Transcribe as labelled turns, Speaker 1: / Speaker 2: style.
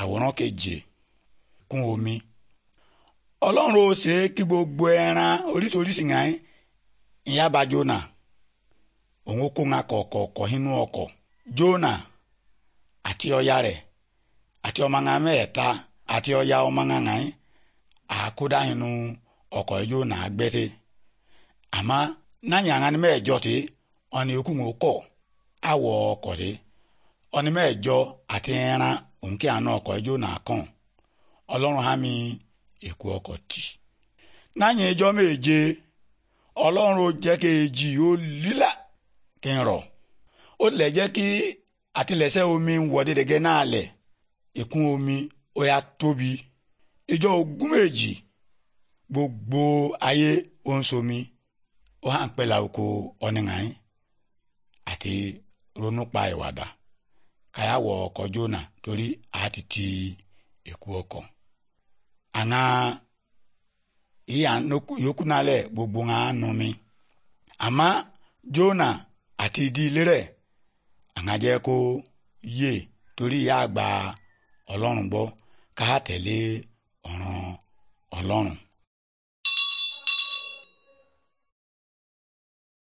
Speaker 1: àwòrán keje kún omi ọlọ́run ó ṣe kí gbogbo ẹran oríṣiríṣi yàn ìyá bá jona òun ó kó ńlá ọkọ jona àti ọya rẹ àti ọmọ ńlá mẹ́ẹ̀ta àti ọya ọmọ ńlá yàn àkódá nínú ọkọ̀ jona gbẹ́tẹ́ àmọ́ náà yàn án mẹ́ẹ̀jọ tí ọ̀nà ikú ń àwọ̀ ọkọ̀ ọ̀nà onke anọ ọkọ ejo na kan ọlọrụn ha mi ịkụ ọkọ ti nanyị ịjọ meje ọlọrụ jẹkị eji o lila ki nro o le jẹkị ati leese omi nwọ dedede n'alị omi o ya tobi ịjọ ogun meje gbogbo aye o n somi o ha npelu oko ati ronupa iwada a ya wɔ ɔkɔ joona torí a tetea eku ɔkɔ. a na ya gbogbo ha a n'omi. a ma joona a t'i di le dɛ. a na je ko iye torí ya gba ɔlɔnwụ gbọ ka ha tele ɔrɔn ɔlɔnwụ.